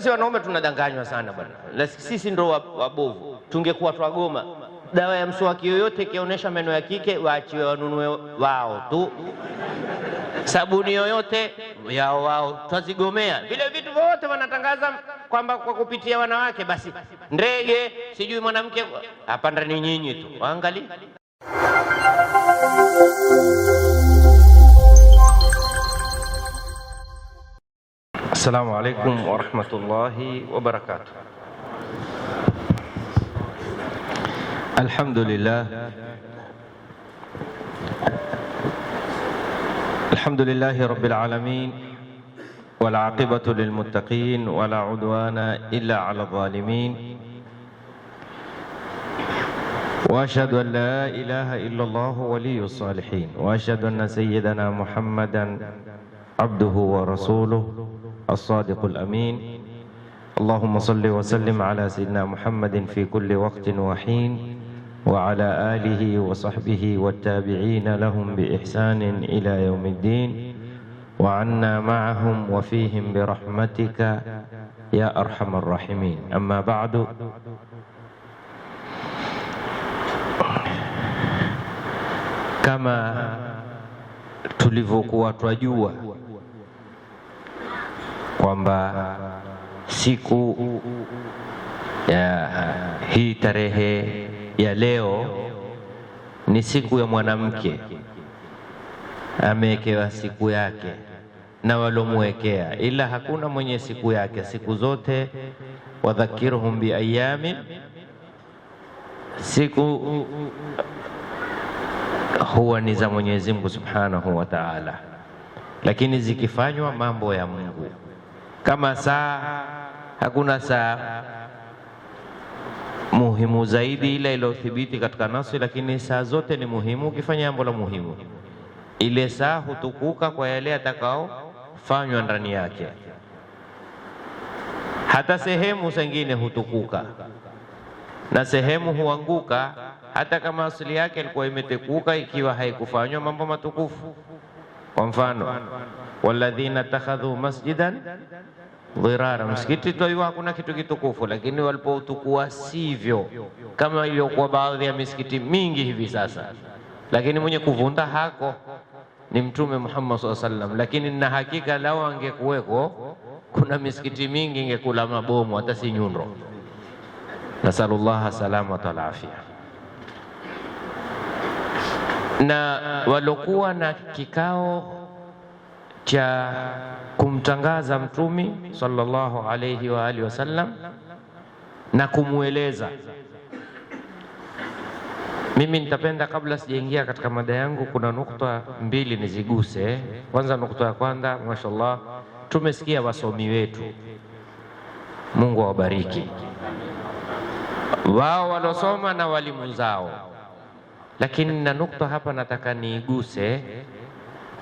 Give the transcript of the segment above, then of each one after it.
si wanaume tunadanganywa sana bwana, sisi ndo wabovu. Tungekuwa twagoma dawa ya mswaki yoyote ikionyesha meno ya kike, waachiwe wanunue wao tu. Sabuni yoyote yao wao, twazigomea vile vitu vyote. Wanatangaza kwamba kwa kupitia wanawake, basi ndege sijui mwanamke hapanda, ni nyinyi tu waangalie السلام عليكم ورحمة الله وبركاته الحمد لله الحمد لله رب العالمين والعاقبة للمتقين ولا عدوان إلا على الظالمين واشهد ان لا اله الا الله ولي الصالحين واشهد ان سيدنا محمدا عبده ورسوله الصادق الأمين اللهم صل وسلم على سيدنا محمد في كل وقت وحين وعلى آله وصحبه والتابعين لهم بإحسان إلى يوم الدين وعنا معهم وفيهم برحمتك يا أرحم الراحمين أما بعد كما tulivyokuwa twajua kwamba siku ya hii tarehe ya leo ni siku ya mwanamke, amewekewa siku yake na walomwekea, ila hakuna mwenye siku yake. Siku zote wadhakiruhum biayami, siku huwa ni za Mwenyezi Mungu Subhanahu wa Ta'ala, lakini zikifanywa mambo ya Mungu kama saa, hakuna saa muhimu zaidi ila iliyothibiti katika nasi, lakini saa zote ni muhimu. Ukifanya jambo la muhimu, ile saa hutukuka kwa yale atakaofanywa ndani yake. Hata sehemu zingine hutukuka na sehemu huanguka, hata kama asili yake ilikuwa imetekuka, ikiwa haikufanywa mambo matukufu. Kwa mfano walladhina takhadhu masjidan dhirara. Msikiti twaiwa hakuna kitu kitukufu, lakini utukua sivyo kama iliyokuwa baadhi ya misikiti mingi hivi sasa, lakini mwenye kuvunda hako ni Mtume Muhammad SAW sallam. Lakini na hakika lao angekuweko, kuna misikiti mingi ingekula mabomu hata si nyundo. Nasalullaha salamata wal afia. Na walokuwa na kikao cha kumtangaza mtumi sallallahu alayhi wa alihi wasallam na kumweleza. Mimi nitapenda kabla sijaingia katika mada yangu, kuna nukta mbili niziguse. Kwanza, nukta ya kwanza, mashallah, tumesikia wasomi wetu, Mungu awabariki wao walosoma na walimu zao, lakini na nukta hapa nataka niiguse,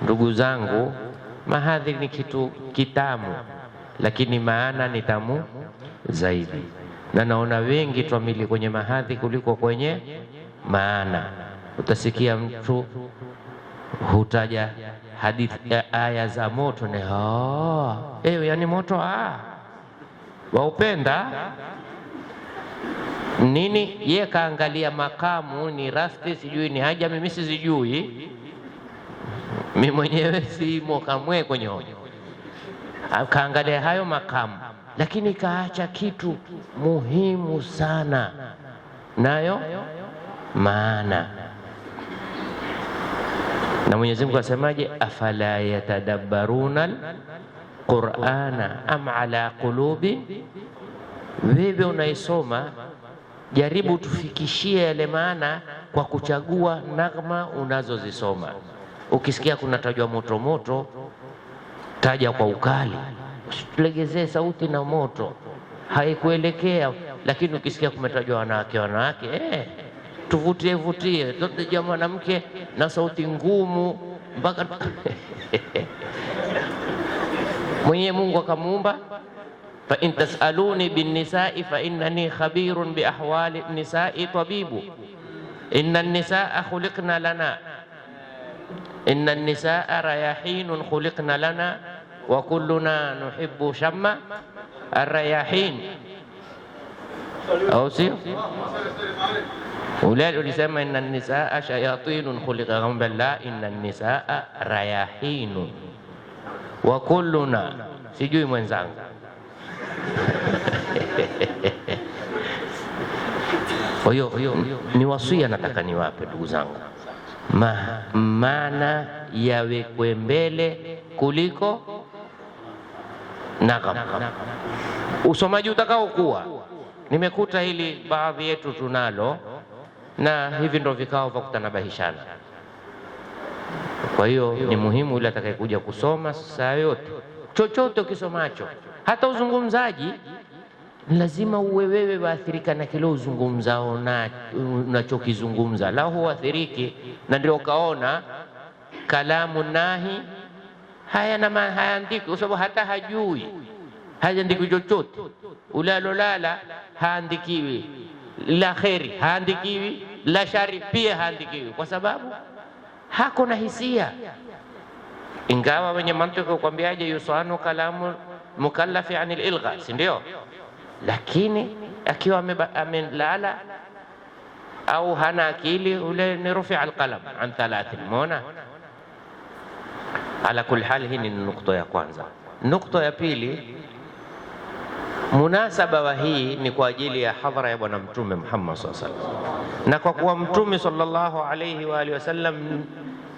ndugu zangu mahadhi ni kitu kitamu, lakini maana ni tamu zaidi, na naona wengi twamili kwenye mahadhi kuliko kwenye maana. Utasikia mtu hutaja hadithi eh, aya za moto ne oh, eh, yani moto ah, waupenda nini? Ye kaangalia makamu ni rasti, sijui ni haja, mimi sizijui mi mwenyewe simo kamwe kwenye hoja, akaangalia hayo makamu, lakini kaacha kitu muhimu sana, nayo maana. Na Mwenyezi Mungu asemaje? afala yatadabbaruna Qur'ana am ala qulubi. Wewe unaisoma jaribu tufikishie yale maana kwa kuchagua nagma unazozisoma. Ukisikia kuna tajwa moto moto, taja kwa ukali, usilegezee sauti na moto, haikuelekea. Lakini ukisikia kumetajwa wanawake, wanawake eh, tuvutie vutie, taja mwanamke na sauti ngumu mpaka mwenyewe Mungu akamuumba fa in tasaluni bin nisai fa innani khabirun bi ahwali nisai tabibu inna nisaa khuliqna lana إن النساء رياحين خلقن لنا وكلنا نحب شم الرياحين أو سير أولئك اللي يسمى إن النساء شياطين خلق بل الله إن النساء رياحين وكلنا سجوي من kwa hiyo ni wasia nataka niwape ndugu zangu Ma, maana yawekwe mbele kuliko nagham. Usomaji utakao kuwa nimekuta hili baadhi yetu tunalo, na hivi ndo vikao vya kutanabahishana. Kwa hiyo ni muhimu yule atakayekuja kusoma saa yote, chochote ukisomacho, hata uzungumzaji lazima uwe wewe waathirika na kile uzungumzao na unachokizungumza, la huathiriki na ndio ukaona kalamu nahi haya na hayaandiki, kwa sababu hata hajui, hajaandiki chochote. Ulalolala haandikiwi, la kheri haandikiwi, la shari pia haandikiwi, kwa sababu hako na hisia. Ingawa wenye mantiki kukwambiaje, yusanu kalamu mukallafi anil ilgha, si ndio? lakini akiwa amelala au hana akili, ule ni rufia alqalam an thalathin. mona Ala kulli hal, hii ni nukta ya kwanza. Nukta ya pili, munasaba wa hii ni kwa ajili ya hadhara ya Bwana Mtume Muhammad sallallahu alaihi wasallam, na kwa kuwa Mtume sallallahu alaihi wa alihi wasallam,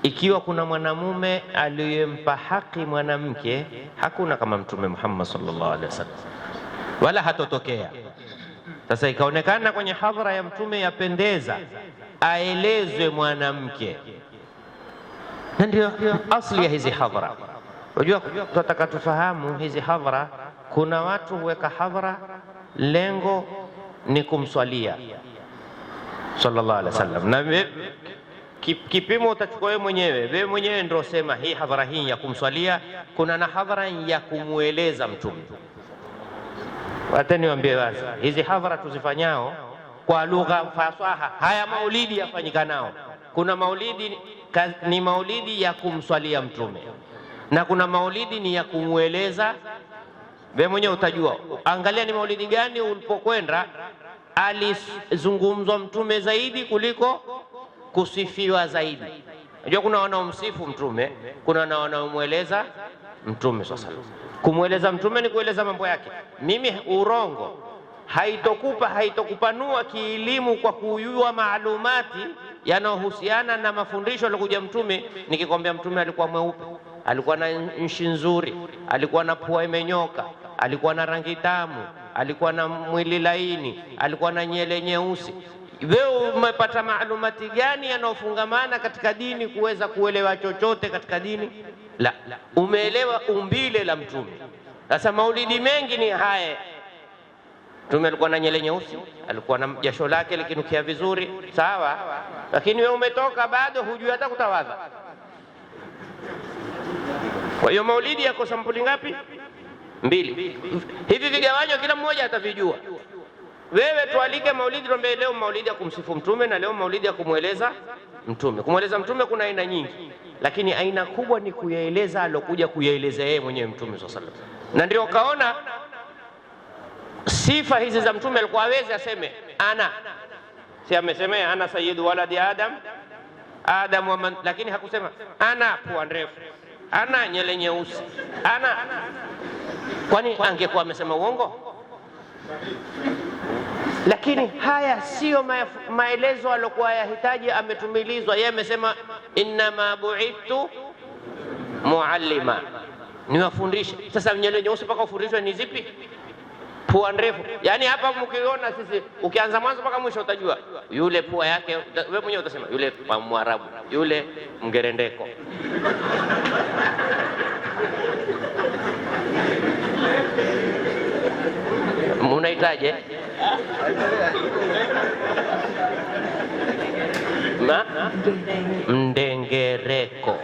ikiwa kuna mwanamume aliyempa haki mwanamke, hakuna kama Mtume Muhammad sallallahu alaihi wasallam wala hatotokea. Sasa ikaonekana kwenye hadhara ya Mtume yapendeza aelezwe mwanamke, na ndio asli ya hizi hadhara. Unajua, tunataka tufahamu hizi hadhara. Kuna watu huweka hadhara, lengo ni kumswalia sallallahu alaihi wasallam, na kipimo utachukua wewe mwenyewe. Wewe mwenyewe ndio sema hii hadhara hii ya kumswalia. Kuna na hadhara ya kumweleza Mtume Wacha wambie wazi, hizi hadhara tuzifanyao kwa lugha fasaha, haya maulidi yafanyikanao, kuna maulidi ni maulidi ya kumswalia Mtume na kuna maulidi ni ya kumweleza wewe mwenyewe utajua. Angalia ni maulidi gani ulipokwenda, alizungumzwa mtume zaidi kuliko kusifiwa zaidi. Unajua kuna wanaomsifu mtume, kuna na wanaomweleza Mtume swalla sallam. Kumweleza mtume ni kueleza mambo yake. Mimi urongo haitokupa haitokupanua kielimu kwa kujua maalumati yanayohusiana na mafundisho alikuja mtume. Nikikwambia mtume alikuwa mweupe, alikuwa na nshi nzuri, alikuwa na pua imenyoka, alikuwa na rangi tamu, alikuwa na mwili laini, alikuwa na nyele nyeusi wewe umepata maalumati gani yanayofungamana katika dini kuweza kuelewa chochote katika dini? la, umeelewa umbile la Mtume. Sasa maulidi mengi ni haya. Mtume alikuwa na nyele nyeusi, alikuwa na jasho lake likinukia vizuri, sawa, lakini wewe umetoka bado hujui hata kutawadha. Kwa hiyo maulidi yako sampuli ngapi? Mbili. Hivi vigawanyo kila mmoja atavijua. Wewe tualike maulidi, tuambie leo maulidi ya kumsifu Mtume na leo maulidi ya kumweleza Mtume. Kumweleza Mtume kuna aina nyingi lakini aina kubwa ni kuyaeleza alokuja kuyaeleza yeye mwenyewe Mtume swalla sallam wasallam, na ndio ukaona sifa hizi za Mtume alikuwa awezi aseme ana, si amesemea ana sayyidu waladi adam adam wa man, lakini hakusema ana pua ndefu, ana nyele nyeusi, ana. Kwani angekuwa amesema uongo? Lakini haya siyo maelezo aliyokuwa yahitaji, ametumilizwa yeye. Amesema innama buithtu muallima, niwafundishe. Sasa nywele nyeusi mpaka ufundishwe ni zipi? Pua ndefu, yaani hapa mkiona sisi, ukianza mwanzo mpaka mwisho utajua yule pua yake. Wewe mwenyewe utasema yule Mwarabu, yule Mgerendeko unahitaje eh? na mdengereko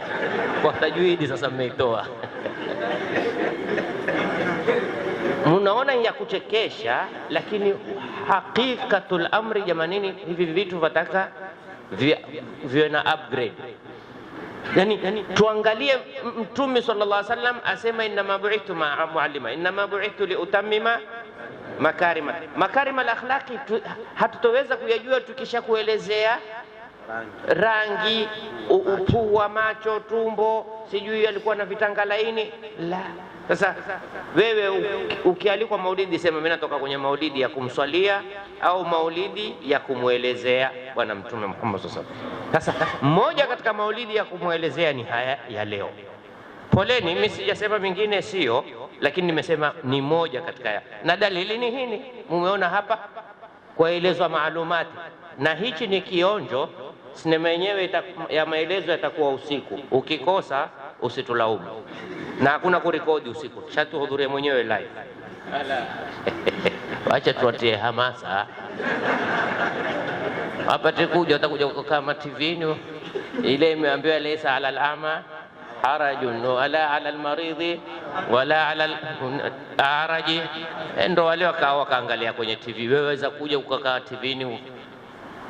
kwa tajwidi. Sasa mmeitoa munaona ya kuchekesha, lakini hakikatul amri, jamanini, hivi vitu vataka viwe na upgrade. Yani, yani tuangalie Mtume sallallahu alaihi wasallam asema, inna mabu'ithtu ma muallima, inna mabu'ithtu liutamima makarima makarima akhlaqi hatutoweza kuyajua tukishakuelezea rangi, upuu macho, tumbo, sijui alikuwa na vitanga laini la. Sasa wewe ukialikwa maulidi, sema mimi natoka kwenye maulidi ya kumswalia au maulidi ya kumwelezea Bwana Mtume Muhammad sallallahu alaihi wasallam. Sasa mmoja katika maulidi ya kumwelezea ni haya ya leo. Poleni, mimi sijasema mingine sio lakini nimesema ni moja katika ya, na dalili ni hili mumeona hapa kwaelezwa maalumati, na hichi ni kionjo. Sinema yenyewe ya maelezo yatakuwa usiku, ukikosa usitulaumu, na hakuna kurekodi usiku, shatuhudhuria mwenyewe live wacha tuwatie hamasa wapate kuja, watakuja kama TV ile imeambiwa leisa alal ama harajun wala ala almaridhi wala ala araji. Eh, ndo wale wakawa wakaangalia kwenye TV. weweza kuja ukakaa TVni,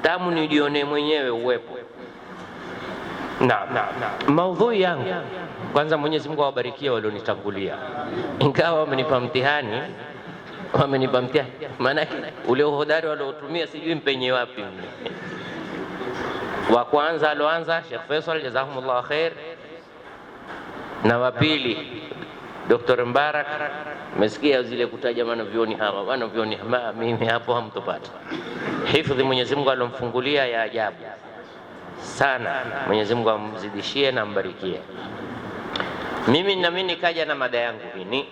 tamu nijione mwenyewe uwepo. na maudhui yangu kwanza, Mwenyezi Mungu awabarikie walionitangulia, ingawa wamenipa mtihani wamenipa mtihani, maanake ule uhodari waliotumia sijui mpenye wapi. Wa kwanza aloanza shekh Faisal, jazakumullah khair na wa pili Dr. Mbarak, mesikia zile kutaja vioni hawa wanavyuoni ma mimi hapo hamtopata hifadhi. Mwenyezi Mungu alomfungulia ya ajabu sana. Mwenyezi Mungu amzidishie na ambarikie. Mimi nami nikaja na mada yangu hini,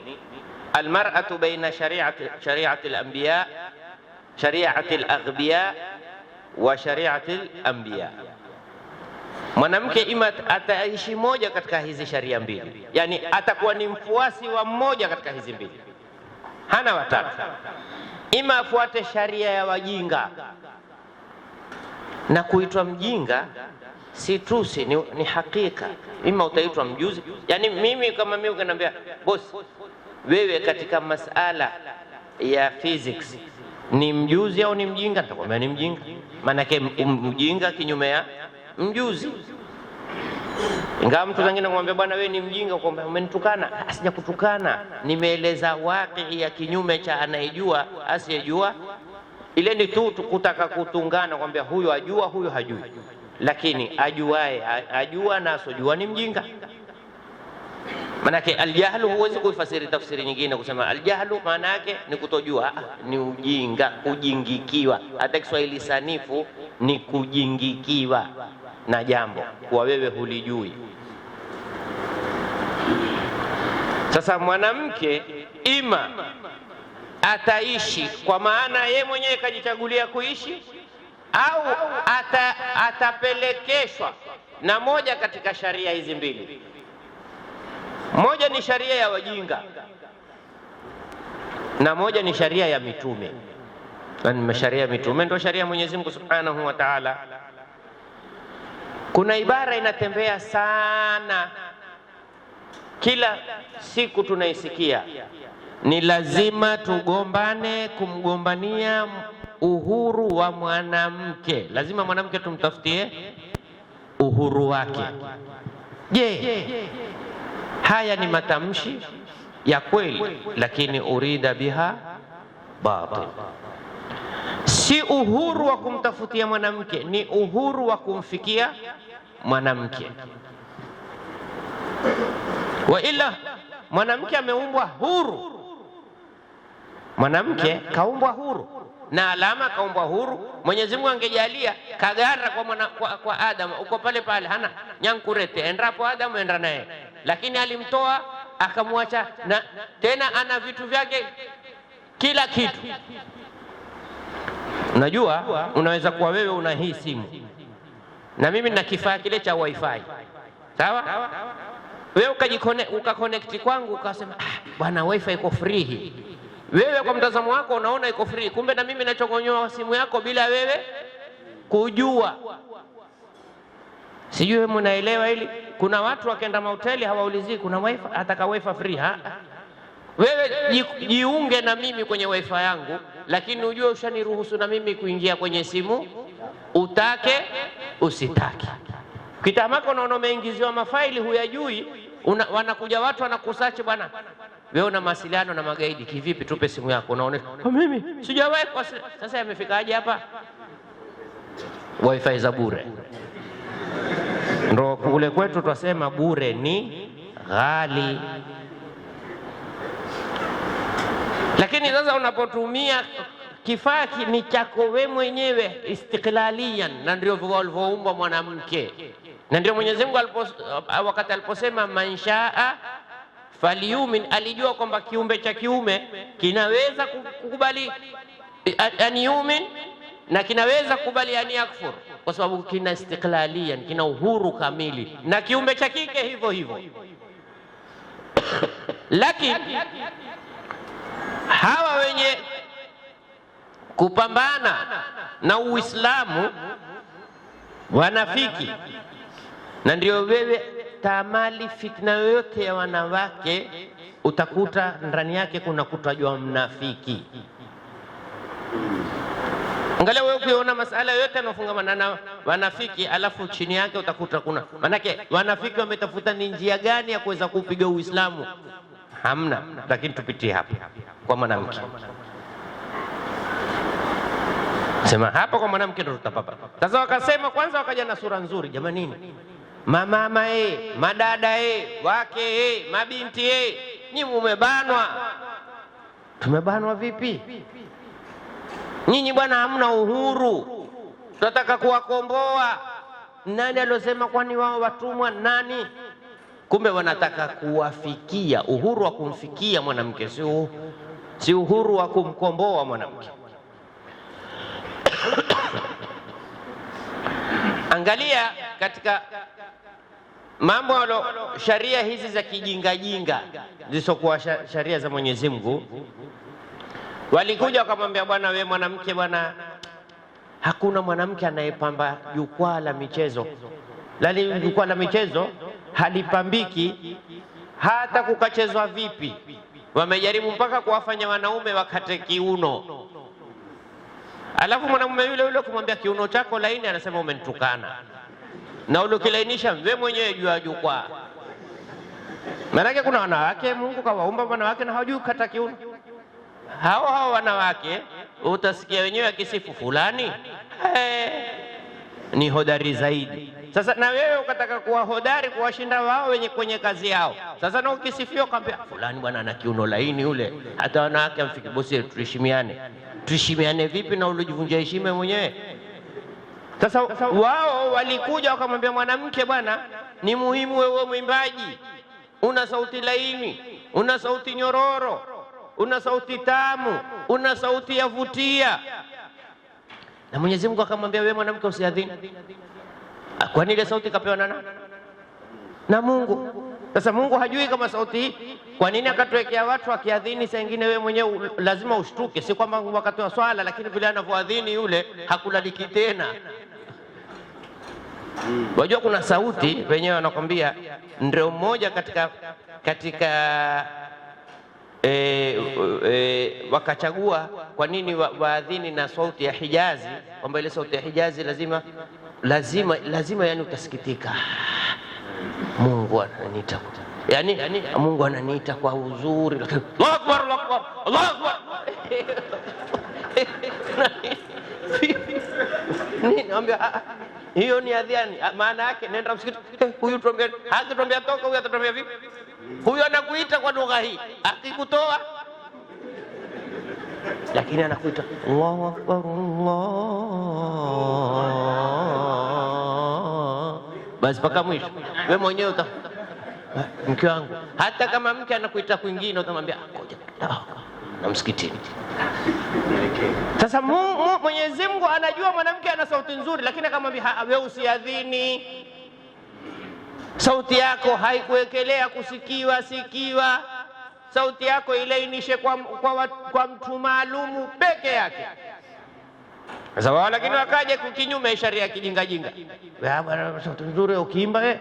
almar'atu baina shari'ati al-anbiya shari'ati al-aghbiya wa shari'ati al-anbiya Mwanamke ima ataishi moja katika hizi sharia mbili, yani atakuwa ni mfuasi wa mmoja katika hizi mbili, hana watatu. Ima afuate sharia ya wajinga, na kuitwa mjinga si tusi, ni, ni hakika. Ima utaitwa mjuzi. Yani mimi kama mimi ukaniambia bosi, wewe katika masala ya physics ni mjuzi au ni mjinga? Nitakwambia ni mjinga, maanake mjinga kinyume ya mjuzi. Ingawa mtu zingine kumwambia bwana, wewe ni mjinga, kwamba umenitukana. kutukana nimeeleza wakii ya kinyume cha anayejua asiyejua. Ile ni tu kutaka kutungana, kwambia huyu ajua, huyu hajui. Lakini ajuae ajua na asojua ni mjinga. Maanake aljahlu huwezi kuifasiri tafsiri nyingine kusema aljahlu maana yake ni kutojua, ah, ni ujinga, kujingikiwa. Hata Kiswahili sanifu ni kujingikiwa na jambo kuwa wewe hulijui. Sasa mwanamke ima ataishi kwa maana ye mwenyewe kajichagulia kuishi, au ata, atapelekeshwa na moja katika sharia hizi mbili. Moja ni sharia ya wajinga na moja ni sharia ya mitume, na yaani sharia ya mitume ndio sharia ya Mwenyezi Mungu Subhanahu wa Ta'ala. Kuna ibara inatembea sana, kila siku tunaisikia, ni lazima tugombane kumgombania uhuru wa mwanamke. Lazima mwanamke tumtafutie uhuru wake. Je, haya ni matamshi ya kweli? Lakini urida biha batil si uhuru wa kumtafutia mwanamke, ni uhuru wa kumfikia mwanamke. Wa ila mwanamke ameumbwa huru, mwanamke kaumbwa huru na alama kaumbwa huru. Mwenyezi Mungu angejalia kagara kwa, mwana, kwa, kwa Adamu uko pale pale, hana nyankurete endapo Adamu enda naye, lakini alimtoa akamwacha, na tena ana vitu vyake kila kitu Unajua, unaweza kuwa wewe una hii simu na mimi nina kifaa kile cha wifi, sawa? Wewe ukakonekti kwangu ukasema, ah, bwana wifi iko free hii. Wewe kwa mtazamo wako unaona iko free, kumbe na mimi nachokonyoa simu yako bila wewe kujua. Sijui wewe mnaelewa hili? Kuna watu wakenda mahoteli hawaulizii kuna wifi, ataka wifi free. Ha, wewe jiunge na mimi kwenye wifi yangu lakini ujue ushaniruhusu na mimi kuingia kwenye simu, utake usitake. Kitamako unaona umeingiziwa mafaili huyajui, una, wanakuja watu wanakusache bwana wewe una mawasiliano na magaidi kivipi? Tupe simu yako. Unaona ah, mimi sijawahi kwa sasa, yamefikaje hapa? Wifi za bure ndo kule kwetu twasema bure ni ghali. Lakini sasa unapotumia kifaa ni chako we mwenyewe istiklalian, na ndio walivyoumbwa mwanamke, na ndio Mwenyezi Mungu alipo, uh, wakati aliposema manshaa faliumin, alijua kwamba kiumbe cha kiume kinaweza kukubali eh, aniumin na kinaweza kukubali an yakfur, kwa sababu kina istiklalian, kina uhuru kamili, na kiumbe cha kike hivyo hivyo, lakini hawa wenye kupambana na Uislamu wanafiki, na ndio wewe tamali fitna yoyote ya wanawake utakuta ndani yake kuna kutajwa mnafiki. Angalia wewe ukiona masala yote yanafungamana na wanafiki, alafu chini yake utakuta kuna manake, wanafiki wametafuta ni njia gani ya kuweza kupiga Uislamu hamna, lakini tupitie hapa kwa mwanamke. Sema hapa kwa mwanamke ndo tutapapa. Sasa wakasema kwanza, wakaja na sura nzuri, jamanini, mamama e, eh, madada e, wake e, mabinti e, nyi mumebanwa. Tumebanwa vipi? Nyinyi bwana, hamna uhuru, tunataka kuwakomboa. Nani aliosema kwani wao watumwa? Nani Kumbe wanataka kuwafikia uhuru wa kumfikia mwanamke, si uhuru wa kumkomboa mwanamke. Angalia katika mambo alo sharia hizi za kijingajinga zilizokuwa sharia za Mwenyezi Mungu, walikuja wakamwambia, bwana we mwanamke, bwana hakuna mwanamke anayepamba jukwaa la michezo, lani jukwaa la michezo halipambiki hata kukachezwa vipi. Wamejaribu mpaka kuwafanya wanaume wakate kiuno, alafu mwanamume yule yule kumwambia kiuno chako laini, anasema umenitukana, na ule ukilainisha wewe mwenyewe juu ya jukwaa. Maanake kuna wanawake Mungu kawaumba wanawake na hawajui kukata kiuno. Hao hao wanawake utasikia wenyewe akisifu fulani, hey, ni hodari zaidi sasa na wewe ukataka kuwa hodari kuwashinda wao wenye kwenye kazi yao. Sasa na ukisifia ukamwambia fulani bwana ana kiuno laini yule, hata wanawake amfiki bosi, tuheshimiane. Tuheshimiane vipi na uliojivunja heshima mwenyewe? Sasa wao walikuja wakamwambia mwanamke, bwana ni muhimu wewe mwimbaji, una sauti laini, una sauti nyororo, una sauti tamu, una sauti yavutia. Na Mwenyezi Mungu akamwambia, wewe mwanamke usiadhini Kwani ile sauti kapewa na nani? Na Mungu. Sasa Mungu hajui kama sauti, kwa nini akatuwekea watu akiadhini? Saa nyingine wewe mwenyewe lazima ushtuke, si kwamba wakati wa swala, lakini vile anavyoadhini yule hakulaliki tena. Wajua kuna sauti wenyewe wanakwambia ndio mmoja katika, katika e, e, wakachagua kwa nini waadhini na sauti ya Hijazi, kwamba ile sauti ya Hijazi lazima lazima lazima, yani utasikitika, Mungu ananiita, yani yani, Mungu ananiita kwa uzuri, lakini Allahu akbar, Allahu akbar, Allahu Niambia ah, ah, hiyo ni adhiani, ah, maana yake nenda msikiti. Eh, huyu tuambia, hakituambia toka, huyu atatuambia vipi? Huyu anakuita kwa lugha hii, akikutoa lakini anakuita Allahu akbar, Allah, basi mpaka mwisho. We mwenyewe mke wangu, hata kama mke anakuita kwingine, utamwambia ngoja na msikitini. Sasa Mwenyezi Mungu anajua mwanamke ana sauti nzuri, lakini akamwambia we usiadhini, sauti yako haikuwekelea kusikiwa sikiwa sauti yako ilainishe kwa, kwa, kwa mtu maalumu peke yake. Sasa wao lakini wakaje kukinyume sharia kijinga jinga, sauti nzuri ukiimba eh,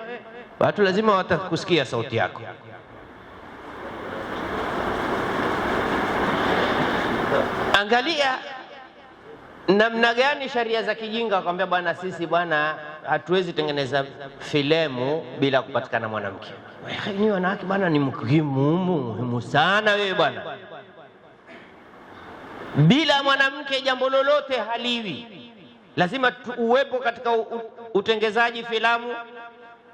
watu lazima watakusikia sauti yako. Angalia namna gani sharia za kijinga, wakwambia bwana, sisi bwana hatuwezi tengeneza filemu bila kupatikana mwanamke. Ni wanawake bwana, ni muhimu muhimu sana wewe bwana. Bila mwanamke jambo lolote haliwi. Lazima uwepo katika utengezaji filamu,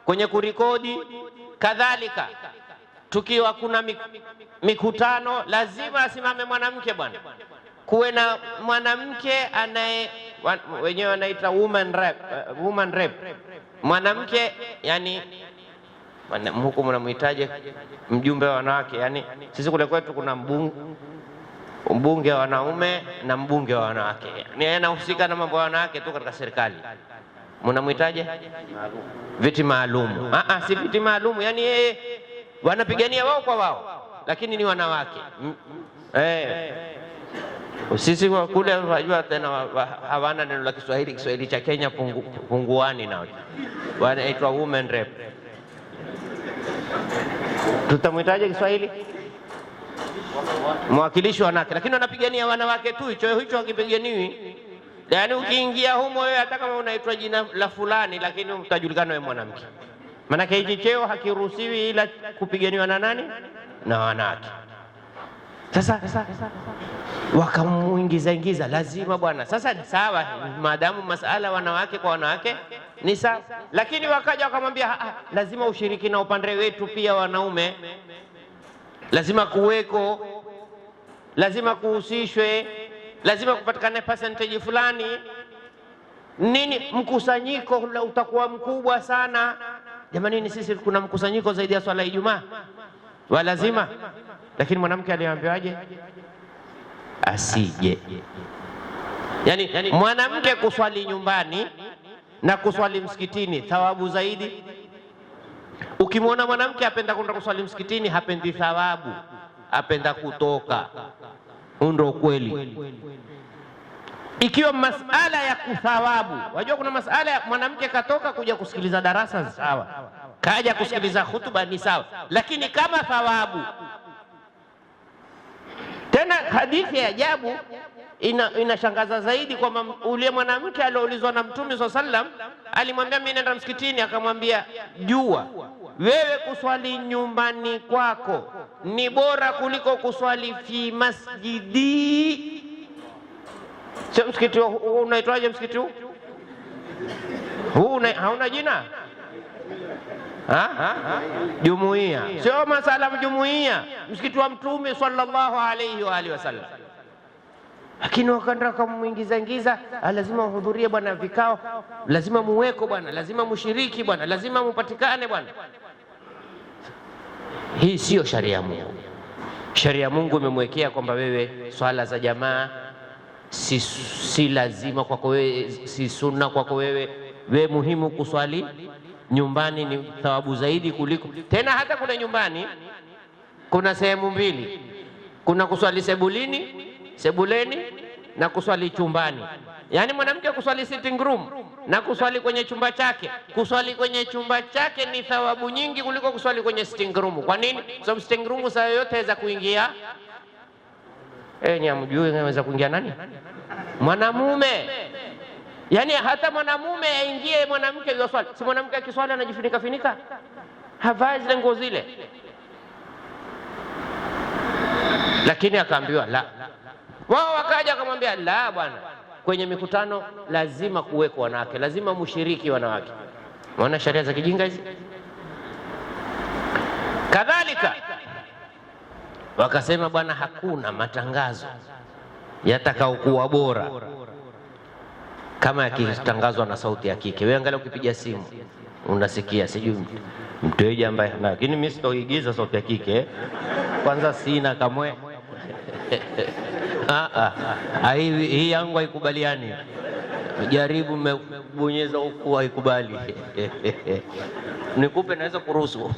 kwenye kurikodi kadhalika. Tukiwa kuna mikutano, lazima asimame mwanamke bwana kuwe na mwanamke anaye wenyewe wanaita woman rep, eh, woman rep, mwanamke yani huku mnamhitaje mjumbe wa wanawake, yani sisi kule kwetu kuna mbungu mbunge wa wanaume na mbunge wa wanawake, ni anahusika na mambo ya wanawake tu katika serikali. Mnamhitaje viti maalumu? Ah, ah, si viti maalumu, yani yeye wanapigania wao kwa wao, lakini ni wanawake eh. Sisi wa kule wajua tena hawana neno la Kiswahili. Kiswahili cha Kenya pungu, punguani na wanaitwa women rep. Tutamwitaje Kiswahili? Mwakilishi wanawake, lakini wanapigania wanawake tu, hicho hicho hakipiganiwi. Yaani ukiingia humo wewe, hata kama unaitwa jina la fulani, lakini utajulikana wewe mwanamke, maanake hichi cheo hakiruhusiwi ila kupiganiwa na nani? Na wanawake. Sasa wakamuingiza ingiza, lazima bwana. Sasa ni sawa, maadamu masala wanawake kwa wanawake ni sawa, lakini wakaja wakamwambia ah, ah, lazima ushiriki na upande wetu pia, wanaume lazima kuweko, lazima kuhusishwe, lazima kupatikane percentage fulani nini, mkusanyiko utakuwa mkubwa sana. Jamanini, sisi kuna mkusanyiko zaidi ya swala ya Ijumaa, walazima lakini mwanamke aliambiwaje? Asije. Yaani, yaani mwanamke kuswali nyumbani na kuswali msikitini thawabu zaidi. Ukimwona mwanamke apenda kwenda kuswali msikitini, hapendi thawabu, apenda kutoka. Huu ndio ukweli. Ikiwa masala ya kuthawabu, wajua kuna masala ya mwanamke katoka kuja kusikiliza darasa sawa, kaja kusikiliza hutuba ni sawa, lakini kama thawabu tena hadithi ya ajabu inashangaza ina zaidi kwamba ule mwanamke alioulizwa na Mtume swalla sallam, alimwambia mimi naenda msikitini, akamwambia jua wewe kuswali nyumbani kwako ni bora kuliko kuswali fi masjidi. Sio msikiti huu unaitwaje? Msikiti huu huu hauna jina jumuiya, sio masala jumuiya, msikiti wa Mtume sallallahu alaihi wa alihi wasallam. Lakini wakanda wakamwingiza ingiza, ah, lazima muhudhurie bwana vikao, lazima muweko bwana, lazima mushiriki bwana, lazima mupatikane bwana. Hii siyo sharia ya Mungu. Sharia ya Mungu imemwekea kwamba wewe swala za jamaa si, si lazima kwako wewe, si sunna kwako wewe, we muhimu kuswali nyumbani ni thawabu zaidi kuliko tena. Hata kuna nyumbani kuna sehemu mbili, kuna kuswali sebulini sebuleni na kuswali chumbani. Yaani mwanamke kuswali sitting room na kuswali kwenye chumba chake, kuswali kwenye chumba chake ni thawabu nyingi kuliko kuswali kwenye sitting room. Kwa nini? Kwa sitting room saa yoyote aweza kuingia eh, nyamjui, aweza kuingia nani? Mwanamume. Yaani hata mwanamume aingie mwanamke kwa swali, si mwanamke akiswali anajifunika finika, havai zile nguo zile, lakini akaambiwa la. Wao wakaja akamwambia la, bwana, kwenye mikutano lazima kuwekwa wanawake, lazima mushiriki wanawake. Maona sheria za kijinga hizi. Kadhalika wakasema, bwana, hakuna matangazo yatakaokuwa bora kama yakitangazwa na sauti ya kike. Wewe angalia, ukipiga simu unasikia, sijui mteja ambaye, lakini mimi sitoigiza sauti ya kike, kwanza sina kamwe ah, ah. hii yangu haikubaliani, jaribu mmebonyeza huku haikubali. Nikupe, naweza kuruhusu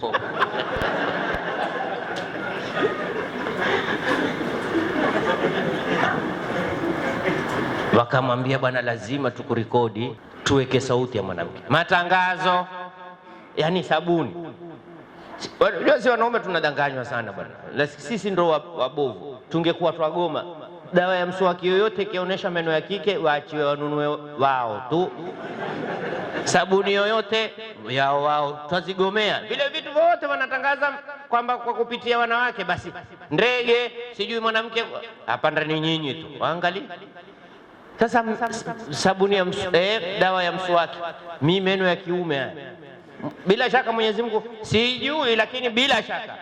Wakamwambia bwana, lazima tukurekodi, tuweke sauti ya mwanamke, matangazo yani sabuni. Si wanaume tunadanganywa sana bwana, sisi ndo wabovu. Tungekuwa twagoma dawa ya mswaki yoyote ikionyesha meno ya kike, waachiwe wanunue wao tu. Sabuni yoyote yao wao, twazigomea vile vitu vyote. Wanatangaza kwamba kwa kupitia wanawake, basi ndege, sijui mwanamke, hapa, ndani nyinyi tu, waangalie sasa sabuni ya msu, eh, dawa ya mswaki, mi meno ya kiume haya, bila shaka Mwenyezi Mungu sijui, lakini bila shaka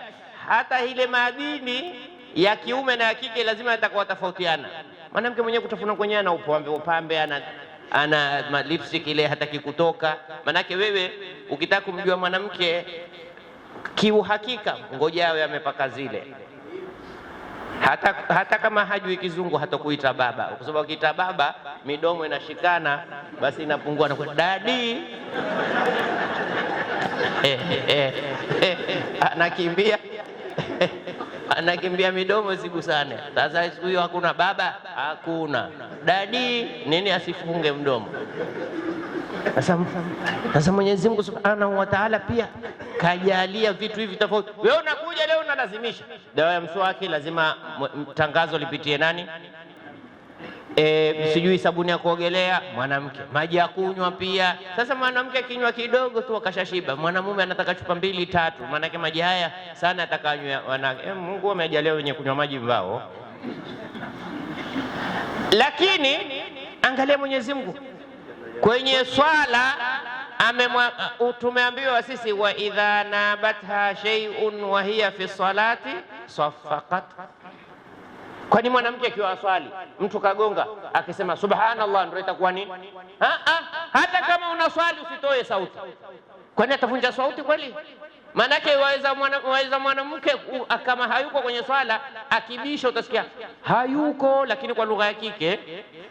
hata ile madini ya kiume na ya kike lazima yatakuwa tofautiana. Mwanamke mwenyewe kutafuna kwenyewe ana upambe upambe, ana ana lipstick ile hataki kutoka. Manake wewe ukitaka kumjua mwanamke kiuhakika, ngoja awe amepaka zile hata, hata kama hajui kizungu hatakuita baba, kwa sababu ukiita baba midomo inashikana, basi inapungua na dadi eh, eh, eh, anakimbia anakimbia midomo sikusane Sasa siku hiyo hakuna baba, hakuna dadi, nini asifunge mdomo. Sasa Mwenyezi Mungu Subhanahu wa Ta'ala pia kajalia vitu hivi tofauti. Wewe unakuja leo unalazimisha dawa ya mswaki lazima tangazo lipitie nani? E, sijui sabuni ya kuogelea mwanamke, maji ya kunywa pia. Sasa mwanamke kinywa kidogo tu akashashiba, mwanamume anataka chupa mbili tatu, maanake maji haya sana atakanywa wanawake. E, Mungu amejalia wenye kunywa maji mbao, lakini angalia Mwenyezi Mungu kwenye swala tumeambiwa sisi wa idha nabatha shay'un wa hiya fi salati saffaqat. Kwani mwanamke akiwa aswali mtu kagonga akisema subhanallah ndio itakuwa nini? Ha, ha, hata kama unaswali usitoe sauti, kwani atavunja sauti kweli? Maanake waweza mwanamke mwana kama hayuko kwenye swala, akibisha utasikia hayuko, lakini kwa lugha ya kike.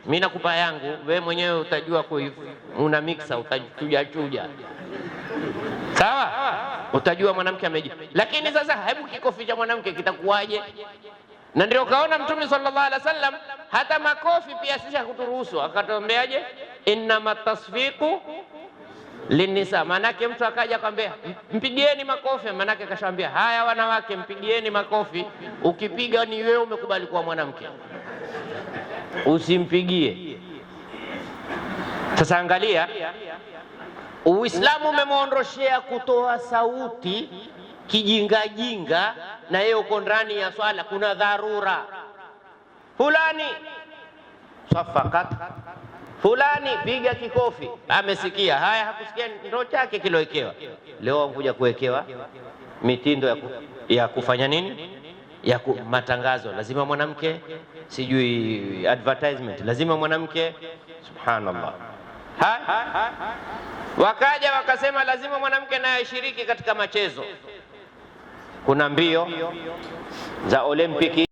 Mimi nakupa yangu, we mwenyewe utajua kui, una mixer utachuja chuja, sawa? Utajua mwanamke ameji. Lakini sasa, hebu kikofi cha mwanamke kitakuwaje? Na ndio kaona Mtume sallallahu alaihi wasallam hata makofi pia sisi hakuturuhusu, akatombeaje, innama tasfiqu linisa, maanake mtu akaja kwambia mpigieni makofi, maanake kashawambia haya, wanawake mpigieni makofi. Ukipiga ni wewe umekubali kuwa mwanamke, usimpigie. Sasa angalia, Uislamu umemwondoshea kutoa sauti kijingajinga, na yeye uko ndani ya swala, kuna dharura fulani swafakat fulani piga kikofi, amesikia haya, hakusikia ndoo chake kilowekewa. Leo wamkuja kuwekewa mitindo ya, ku, ya kufanya nini ya ku, matangazo lazima mwanamke, sijui advertisement lazima mwanamke. Subhanallah, Ha? Wakaja wakasema lazima mwanamke naye ashiriki katika machezo. Kuna mbio za Olimpiki